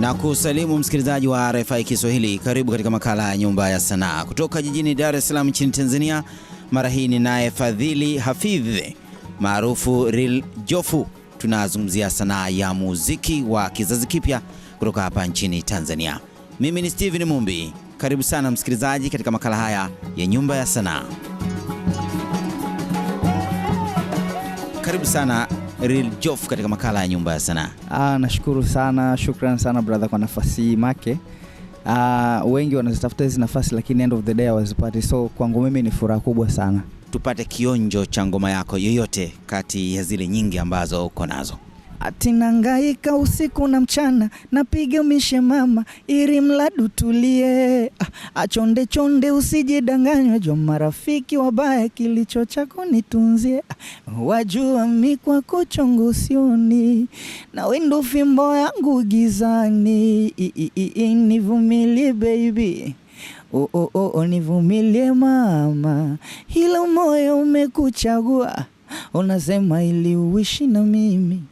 Na kusalimu msikilizaji wa RFI Kiswahili, karibu katika makala ya nyumba ya sanaa kutoka jijini Dar es Salaam nchini Tanzania. Mara hii ninaye Fadhili Hafidh maarufu Real Jofu. Tunazungumzia sanaa ya muziki wa kizazi kipya kutoka hapa nchini Tanzania. Mimi ni Steven Mumbi, karibu sana msikilizaji katika makala haya ya nyumba ya sanaa. Karibu sana Real Jof katika makala ya Nyumba ya Sanaa. Ah, nashukuru sana, shukran sana brother kwa nafasi hii make Ah, wengi wanazitafuta hizi nafasi lakini end of the day hawazipati, so kwangu mimi ni furaha kubwa sana. Tupate kionjo cha ngoma yako yoyote kati ya zile nyingi ambazo uko nazo atinangaika usiku na mchana, napiga mishe mama ili mladu tulie, ah, achonde chonde usijidanganywe, jwa marafiki wabaya, kilicho chako nitunzie, ah, wajua mi kwako chongo sioni, na windu fimbo yangu gizani, nivumilie baby nivumilie mama, hilo moyo umekuchagua, unasema ili uishi na mimi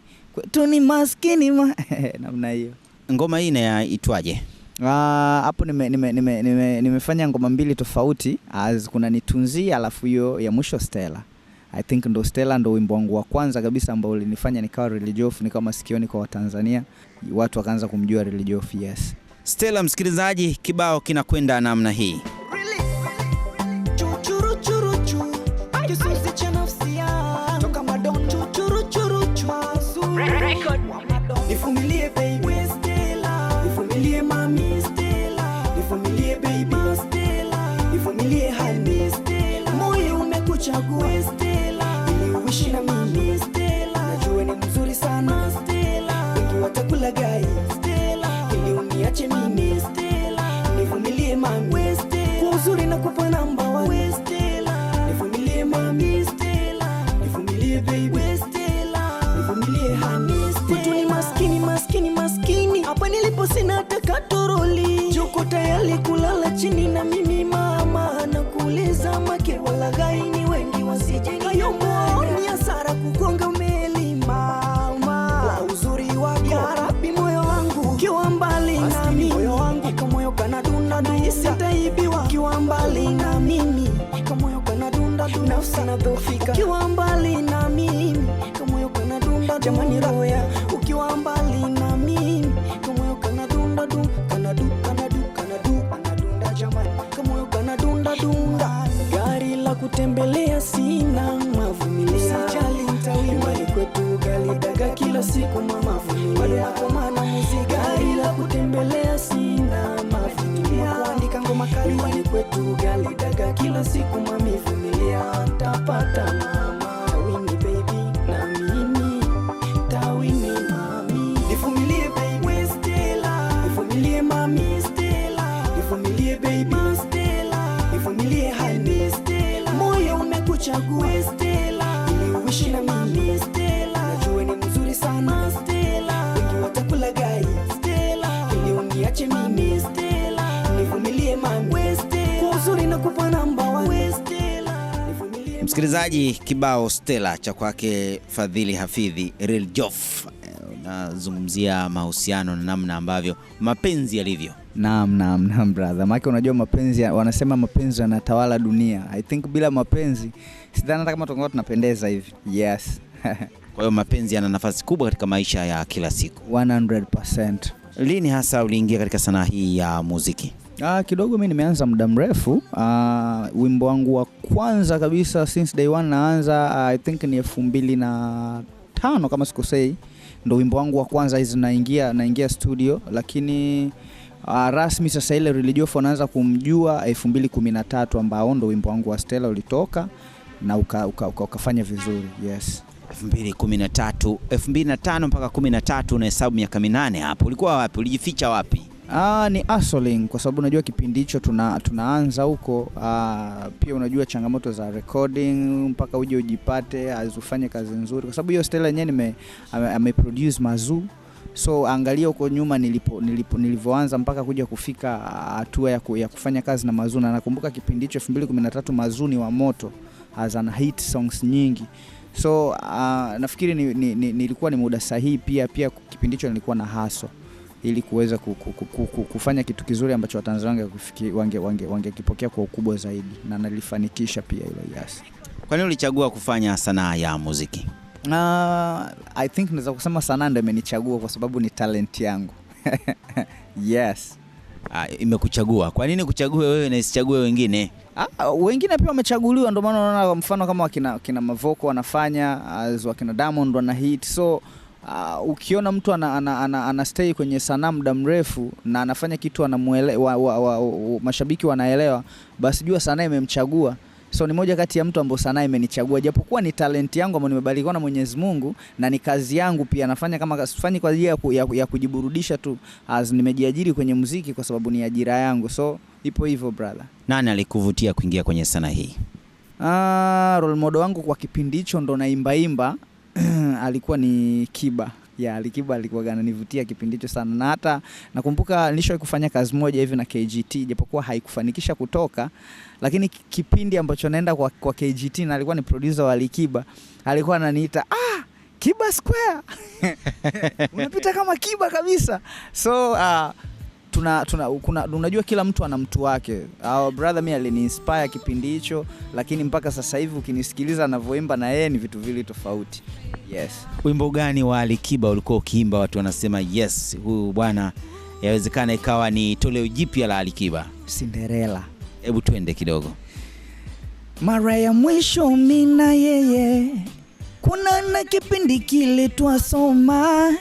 tu ni maskini ma namna hiyo. Ngoma hii inaitwaje? Ah, hapo nime, nime, nime, nime, nimefanya ngoma mbili tofauti as ah, kuna nitunzi alafu hiyo ya mwisho Stella. I think ndo Stella ndo wimbo wangu wa kwanza kabisa ambao ulinifanya nikawa religiofu nikawa masikioni kwa Watanzania, watu wakaanza kumjua religious. Yes, Stella. Msikilizaji, kibao kinakwenda namna hii really? aguestela niliishi na duisi kiwa mbali na mimi, kama yoko dunda dunda, nafsi nadhofika kiwa mbali na mimi, kama yoko dunda, jamani roho ya ukiwa mbali na mimi, kama yoko dunda dunda, kana du kana du kana dunda, jamani kama yoko dunda dunda, gari la kutembelea sina, mavumilia sijali, nitawima kwetu galidaga kila siku mama, vumilia bado nakomana muziki ugali, daga kila siku, mami, vumilia, tapata mama. msikilizaji, kibao Stella cha kwake Fadhili Hafidhi Real Jof unazungumzia mahusiano na namna ambavyo mapenzi yalivyo. Naam, naam, naam brother, maana unajua mapenzi, wanasema mapenzi yanatawala dunia. I think bila mapenzi sidhani hata kama tungekuwa tunapendeza hivi. Yes. Kwa hiyo mapenzi yana nafasi kubwa katika maisha ya kila siku 100%. Lini hasa uliingia katika sanaa hii ya muziki? Ah, kidogo mi nimeanza muda mrefu. Ah, wimbo wangu wa kwanza kabisa since day one naanza, uh, I think ni elfu mbili na tano kama sikosei, ndo wimbo wangu wa kwanza hizi naingia naingia studio, lakini Uh, rasmi sasa ile Religiofor naanza kumjua 2013 ambao ndo wimbo wangu wa Stella ulitoka na ukafanya uka, uka, uka, vizuri. Yes. 2013, 2005 mpaka 13 unahesabu miaka minane hapo. Ulikuwa wapi? Ulijificha wapi? Aa, ah, ni asoling kwa sababu unajua kipindi hicho tuna, tunaanza huko ah, pia unajua changamoto za recording mpaka uje ujipate azufanye kazi nzuri kwa sababu hiyo Stella yenyewe ameproduce mazuu so angalia huko nyuma nilipo, nilipo, nilivyoanza mpaka kuja kufika ah, hatua ya, ku, ya kufanya kazi na Mazuu, na nakumbuka kipindi hicho 2013 Mazuu ni wa moto, hazana hit songs nyingi so uh, nafikiri nilikuwa ni, ni, ni, ni muda sahihi pia pia kipindi hicho nilikuwa na haso ili kuweza kufanya kitu kizuri ambacho Watanzania wangekipokea wange, wange kwa ukubwa zaidi, na nalifanikisha pia hilo yes. Kwa nini ulichagua kufanya sanaa ya muziki? Uh, I think naweza kusema sanaa ndio imenichagua kwa sababu ni talent yangu yes. Uh, imekuchagua. Kwa nini kuchague wewe na isichague wengine? Uh, wengine pia wamechaguliwa, ndio maana unaona mfano kama wakina, wakina Mavoko wanafanya wakina Diamond wana hit so uh, ukiona mtu ana, ana, ana, ana stay kwenye sanaa muda mrefu na anafanya kitu anamuelewa, wa, wa, wa, wa, mashabiki wanaelewa, basi jua sanaa imemchagua. So ni moja kati ya mtu ambao sanaa imenichagua, japokuwa ni talenti yangu ambayo nimebarikiwa na Mwenyezi Mungu na ni kazi yangu pia. Nafanya kama sifanyi kwa ajili ya, ku, ya, ya kujiburudisha tu, as nimejiajiri kwenye muziki kwa sababu ni ajira yangu, so ipo hivyo brother. Nani alikuvutia kuingia kwenye sanaa hii? Ah, role model wangu kwa kipindi hicho ndo naimbaimba alikuwa ni Kiba ya Alikiba alikuwa ananivutia kipindi hicho sana, na hata nakumbuka nilishowahi kufanya kazi moja hivi na KGT, japokuwa haikufanikisha kutoka, lakini kipindi ambacho naenda kwa, kwa KGT na alikuwa ni producer wa Alikiba, alikuwa ananiita ah, Kiba Square unapita kama Kiba kabisa so uh, tuna, tuna, kuna, unajua kila mtu ana mtu wake. Our brother mi aliniinspire kipindi hicho, lakini mpaka sasa hivi ukinisikiliza anavyoimba na yeye ni vitu vili tofauti. Yes. Wimbo gani wa Alikiba ulikuwa ukiimba watu wanasema yes, huyu bwana yawezekana ikawa ni toleo jipya la Alikiba? Cinderella. Hebu twende kidogo. Mara ya mwisho mimi na yeye kuna na kipindi kile twasoma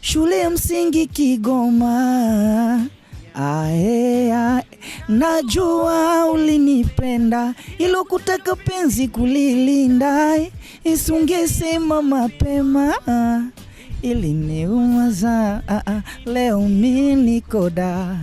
shule ya msingi Kigoma, Ae, ae, najua ulinipenda ilo kutaka penzi kulilinda isungesema mapema ili niumaza leo mini koda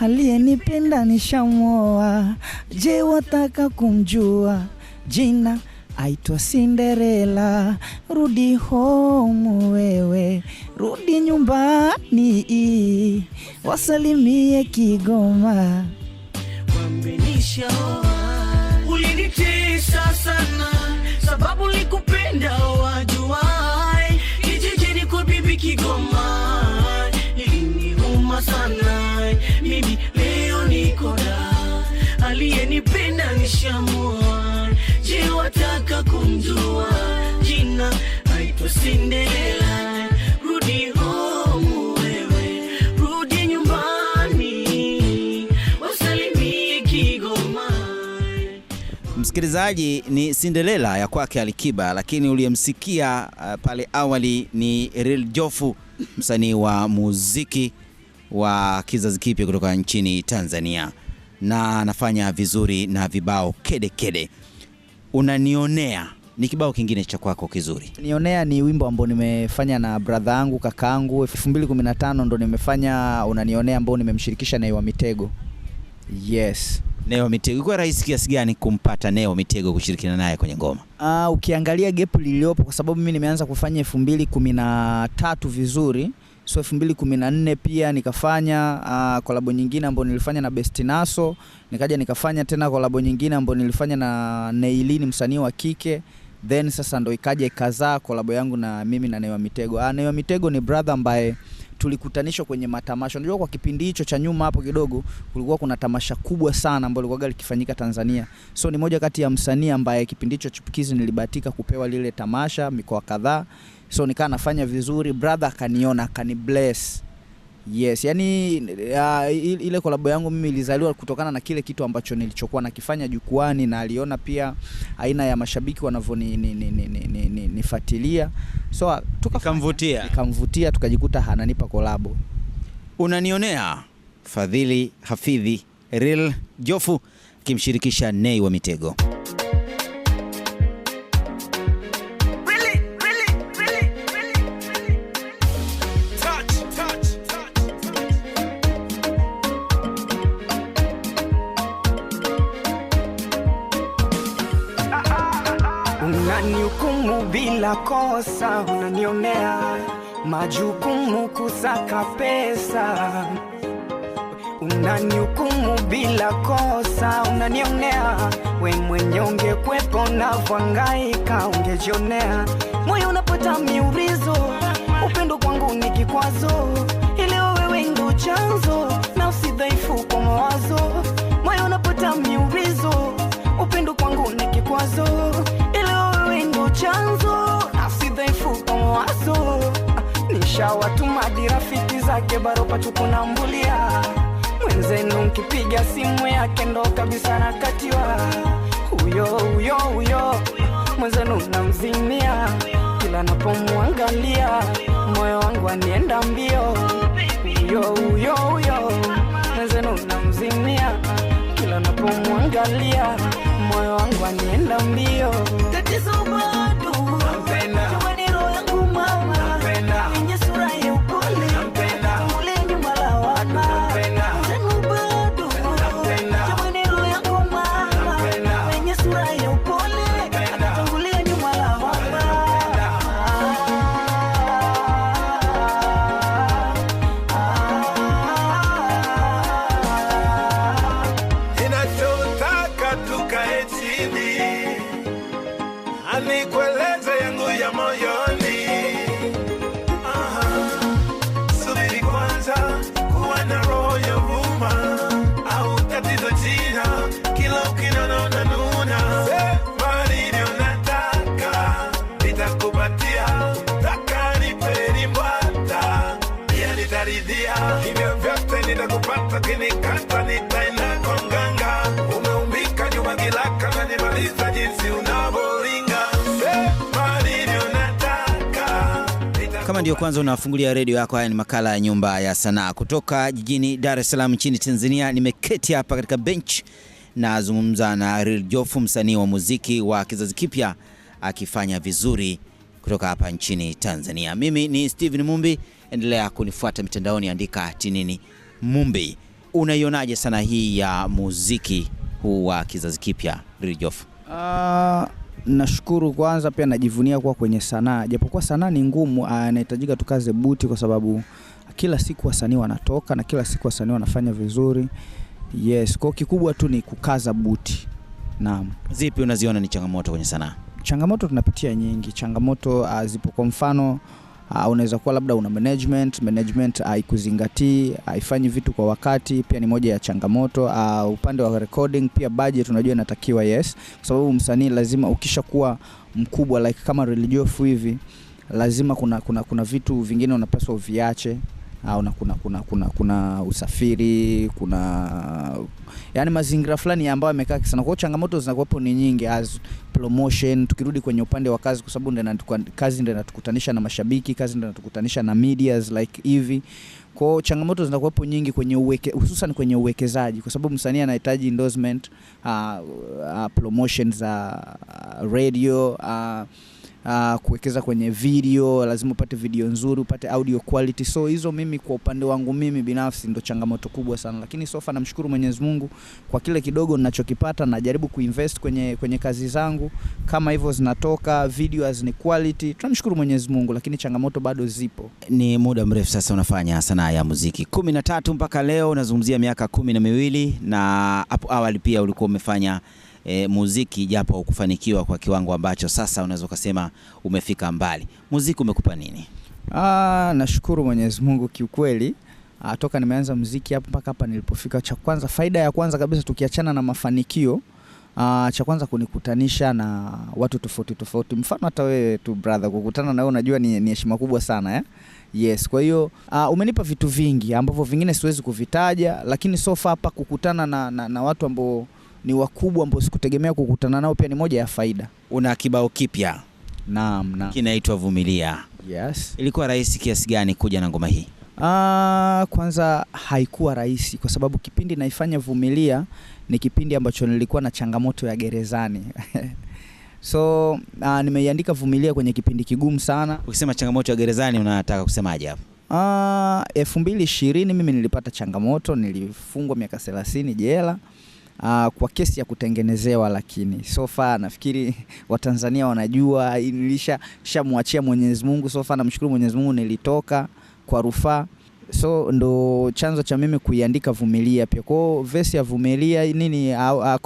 aliyenipenda nishamoa Je, wataka kumjua jina aitwa Cinderella. Rudi home wewe, rudi nyumbani, wasalimie Kigoma. Wambenisha ulinitesa sana, sababu likupenda wajua, kijijini kwa bibi Kigoma sana, mimi leo niko da, aliyenipenda nishamua wataka kumjua jina aitwa Cinderella. Rudi home wewe, rudi nyumbani, wasalimie Kigoma. Msikilizaji, ni Cinderella ya kwake Alikiba, lakini uliyemsikia uh, pale awali ni Real Jofu, msanii wa muziki wa kizazi kipya kutoka nchini Tanzania, na anafanya vizuri na vibao kedekede kede unanionea ni kibao kingine cha kwako kizuri. Nionea ni wimbo ambao nimefanya na bradha yangu kakaangu 215 ndo nimefanya unanionea ambao nimemshirikisha Nay Mitego. Yes. neo Mitego. Ilikuwa rahisi kiasi gani kumpata neo Mitego kushirikiana naye kwenye ngoma? Ah, ukiangalia gap liliyopo kwa sababu mimi nimeanza kufanya 2013 vizuri so 2014 pia nikafanya uh, ah, kolabo nyingine ambayo nilifanya na Best Naso, nikaja nikafanya tena kolabo nyingine ambayo nilifanya na Nailini msanii wa kike then sasa ndo ikaja ikazaa kolabo yangu na mimi na Neywa Mitego. Ah, Neywa Mitego ni brother ambaye tulikutanishwa kwenye matamasha. Unajua, kwa kipindi hicho cha nyuma hapo kidogo kulikuwa kuna tamasha kubwa sana ambayo ilikuwa likifanyika Tanzania. So ni moja kati ya msanii ambaye kipindi hicho chipukizi nilibahatika kupewa lile tamasha mikoa kadhaa so nikaa nafanya vizuri, brother akaniona akani bless Yes, yani uh, ile kolabo yangu mimi ilizaliwa kutokana na kile kitu ambacho nilichokuwa nakifanya jukwani, na aliona pia aina ya mashabiki wanavyonifatilia so tukamvutia, ikamvutia tukajikuta ananipa kolabo. Unanionea Fadhili Hafidhi ril Jofu akimshirikisha nei wa Mitego. unanihukumu bila kosa, unanionea majukumu kusaka pesa, unanihukumu bila kosa, unanionea we mwenye ungekwepo na vangaika ungejionea. Moyo unapata miurizo, upendo kwangu ni kikwazo, ileo wewe ndio chanzo, na usidhaifu kwa mawazo. Moyo unapata miurizo, upendo kwangu ni kikwazo shawatumaji rafiki zake baropa tukunambulia mwenzenu mkipiga simu yake ndo kabisa nakatiwa huyo huyo huyo mwenzenu namzimia kila napomwangalia moyo wangu anienda mbio huyo huyo huyo mwenzenu namzimia kila napomwangalia moyo wangu anienda mbio Tatizo jinsi unavyolinga eh, Kama ndiyo kwanza unafungulia redio yako, haya ni makala ya Nyumba ya Sanaa kutoka jijini Dar es Salaam nchini Tanzania. Nimeketi hapa katika bench nazungumza na Real Jofu, msanii wa muziki wa kizazi kipya akifanya vizuri kutoka hapa nchini Tanzania. Mimi ni Steven Mumbi, endelea kunifuata mitandaoni, andika tinini Mumbi. Unaionaje sanaa hii ya muziki huu wa kizazi kipya Real Jofu? Uh, nashukuru kwanza, pia najivunia kuwa kwenye sanaa, japokuwa sanaa ni ngumu, anahitajika ah, tukaze buti, kwa sababu kila siku wasanii wanatoka na kila siku wasanii wanafanya vizuri. Yes, kwa kikubwa tu ni kukaza buti. Naam. Zipi unaziona ni changamoto kwenye sanaa? Changamoto tunapitia nyingi, changamoto ah, zipo, kwa mfano Uh, unaweza kuwa labda una management, management haikuzingatii, uh, haifanyi uh, vitu kwa wakati, pia ni moja ya changamoto. Uh, upande wa recording pia budget unajua inatakiwa, yes, kwa sababu msanii lazima ukishakuwa mkubwa like kama Religioso hivi lazima kuna, kuna, kuna vitu vingine unapaswa uviache au na kuna, kuna, kuna, kuna usafiri kuna yani mazingira fulani ambayo yamekaa sana. Kwa hiyo changamoto zinakuwepo ni nyingi as promotion. Tukirudi kwenye upande wa kazi, kwa sababu ndio kazi ndio inatukutanisha na mashabiki, kazi ndio inatukutanisha na medias like hivi. Kwa hiyo changamoto zinakuwepo nyingi kwenye uweke, hususan kwenye uwekezaji, kwa sababu msanii anahitaji endorsement uh, uh, promotion za uh, radio uh, uh, ah, kuwekeza kwenye video, lazima upate video nzuri, upate audio quality. So hizo mimi kwa upande wangu mimi binafsi ndo changamoto kubwa sana, lakini sofa namshukuru Mwenyezi Mungu kwa kile kidogo ninachokipata, najaribu kuinvest kwenye, kwenye kazi zangu kama hivyo zinatoka video as ni quality, tunamshukuru Mwenyezi Mungu, lakini changamoto bado zipo. Ni muda mrefu sasa unafanya sanaa ya muziki kumi na tatu mpaka leo, unazungumzia miaka kumi na miwili na hapo awali pia ulikuwa umefanya e, muziki japo kufanikiwa kwa kiwango ambacho sasa unaweza ukasema umefika mbali, muziki umekupa nini? Ah, nashukuru Mwenyezi Mungu kiukweli ah, toka nimeanza muziki hapo mpaka hapa nilipofika, cha kwanza, faida ya kwanza kabisa, tukiachana na mafanikio Uh, cha kwanza kunikutanisha na watu tofauti tofauti, mfano hata wewe tu brother, kukutana na wewe unajua ni heshima kubwa sana eh? Yes, kwa hiyo uh, umenipa vitu vingi ambavyo vingine siwezi kuvitaja, lakini so far hapa kukutana na, na, na watu ambao ni wakubwa ambao sikutegemea kukutana nao, pia ni moja ya faida. Una kibao kipya? Naam, naam, kinaitwa Vumilia. Yes. Ilikuwa rahisi kiasi gani kuja na ngoma hii? Ah, kwanza haikuwa rahisi kwa sababu kipindi naifanya Vumilia ni kipindi ambacho nilikuwa na changamoto ya gerezani so uh, nimeiandika Vumilia kwenye kipindi kigumu sana. Ukisema changamoto ya gerezani unataka kusemaje hapo? Uh, elfu mbili ishirini mimi nilipata changamoto, nilifungwa miaka thelathini jela uh, kwa kesi ya kutengenezewa, lakini so far nafikiri Watanzania wanajua, nilisha shamwachia Mwenyezi Mungu. So far namshukuru Mwenyezi Mungu, nilitoka kwa rufaa so ndo chanzo cha mimi kuiandika Vumilia pia. kwao vesi ya Vumilia nini,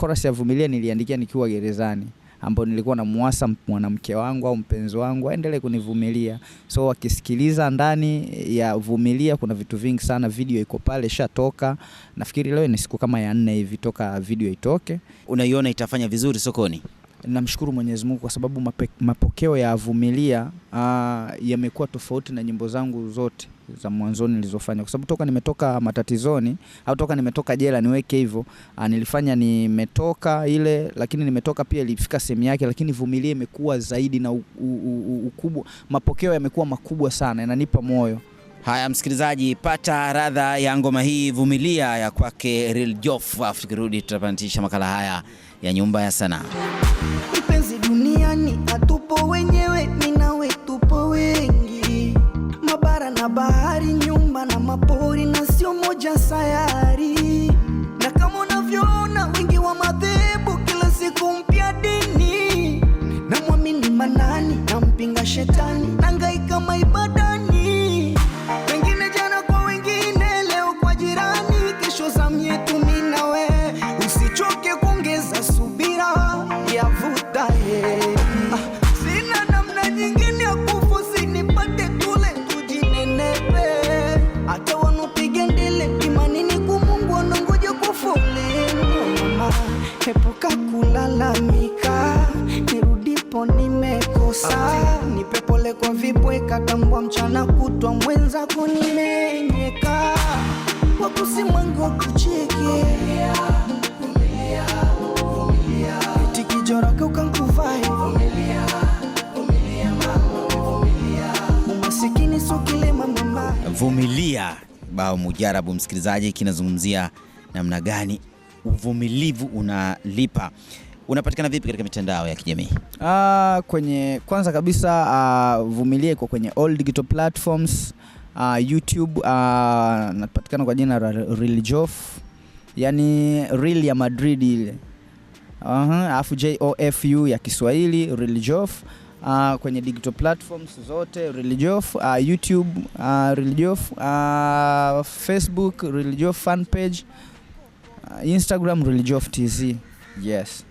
chorus ya Vumilia niliandikia nikiwa gerezani ambao nilikuwa namuasa mwanamke wangu au mpenzi wangu aendelee kunivumilia. So wakisikiliza ndani ya vumilia, kuna vitu vingi sana. Video iko pale shatoka, nafikiri leo ni siku kama ya nne hivi toka video itoke. Unaiona itafanya vizuri sokoni? Namshukuru Mwenyezi Mungu kwa sababu mapokeo ya Vumilia ah, yamekuwa tofauti na nyimbo zangu zote za mwanzoni nilizofanya, kwa sababu toka nimetoka matatizoni au toka nimetoka jela, niweke hivyo, ah, nilifanya nimetoka ile, lakini nimetoka pia ilifika sehemu yake, lakini Vumilia imekuwa zaidi na u, u, u, ukubwa, mapokeo yamekuwa makubwa sana, yananipa moyo. Haya, msikilizaji, pata radha ya ngoma hii Vumilia ya kwake Real Jof. Afu tukirudi tutapandisha makala haya ya Nyumba ya Sanaa. Mpenzi duniani atupo wenyewe vumilia. Bao mujarabu, msikilizaji, kinazungumzia namna gani uvumilivu unalipa. Unapatikana vipi katika mitandao ya kijamii? Uh, kwenye kwanza kabisa uh, vumilia iko kwenye all digital platforms uh, YouTube uh, napatikana kwa jina la Real Jof, yani Real ya Madrid ile, alafu uh -huh, Jofu ya Kiswahili Real Jof uh, kwenye digital platforms zote Religiof, uh, ah, YouTube uh, ah, Religiof, uh, Facebook Religiof fan page uh, Instagram Religiof TZ. Yes.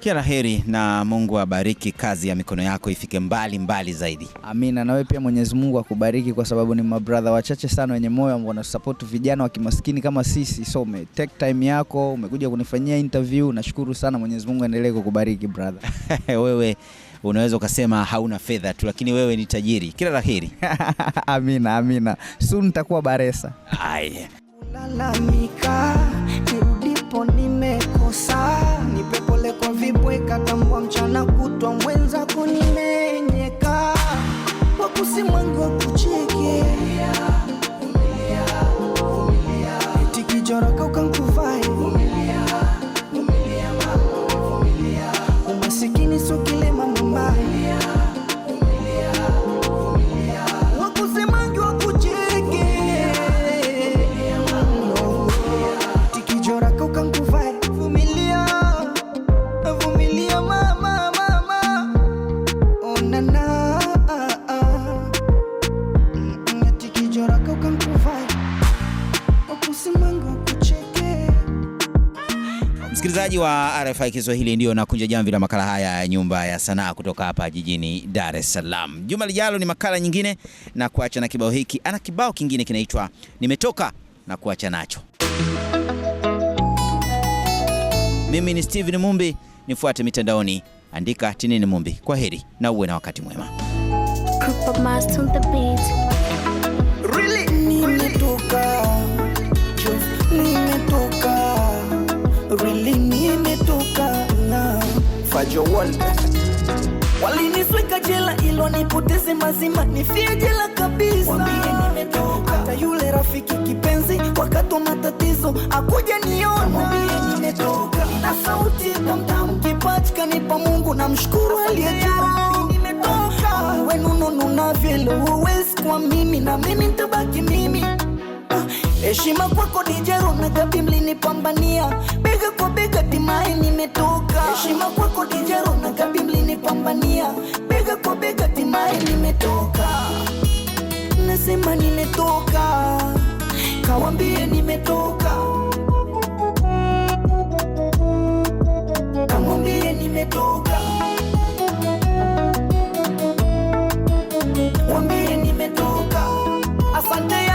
Kila heri na Mungu abariki kazi ya mikono yako ifike mbali mbali zaidi. Amina. Na wewe pia Mwenyezi Mungu akubariki, kwa sababu ni mabradha wachache sana wenye moyo ambao wanasupport vijana wa kimaskini kama sisi. So ume take time yako umekuja kunifanyia interview, nashukuru sana. Mwenyezi Mungu aendelee kukubariki brother. wewe unaweza ukasema hauna fedha tu, lakini wewe ni tajiri. Kila la heri. Amina, amina. Soon nitakuwa baresa. Aye, lalamika ndipo nimekosa, nipepole kwa vibweka, tambua mchana kutwa msikilizaji wa RFI Kiswahili, ndio nakunja jamvi la makala haya ya Nyumba ya Sanaa kutoka hapa jijini Dar es Salaam. Juma lijalo ni makala nyingine, na kuacha na kibao hiki. Ana kibao kingine kinaitwa Nimetoka, na kuacha nacho. Mimi ni Steven Mumbi, nifuate mitandaoni, andika Tinini Mumbi. Kwa heri na uwe na wakati mwema. Really? Really? Fajo Walinisweka jela ilo nipoteze mazima nifie jela kabisa. Wambie Hata yule rafiki kipenzi wakati wa matatizo akuja niona. Wambie Na sauti tamtam kipachika nipa Mungu na mshukuru aliyejua. Nimetoka. nunu kwa mimi na mimi ntabaki mimi. Ah, heshima kwako nijero na gabi mlinipambania bega kwa bega, timaye nimetoka. Heshima kwako kijaro na gabi mlinipambania, bega kwa bega, timaye nimetoka. Nasema nimetoka, kawambie nimetoka, kamwambie nimetoka, wambie nimetoka. Asante.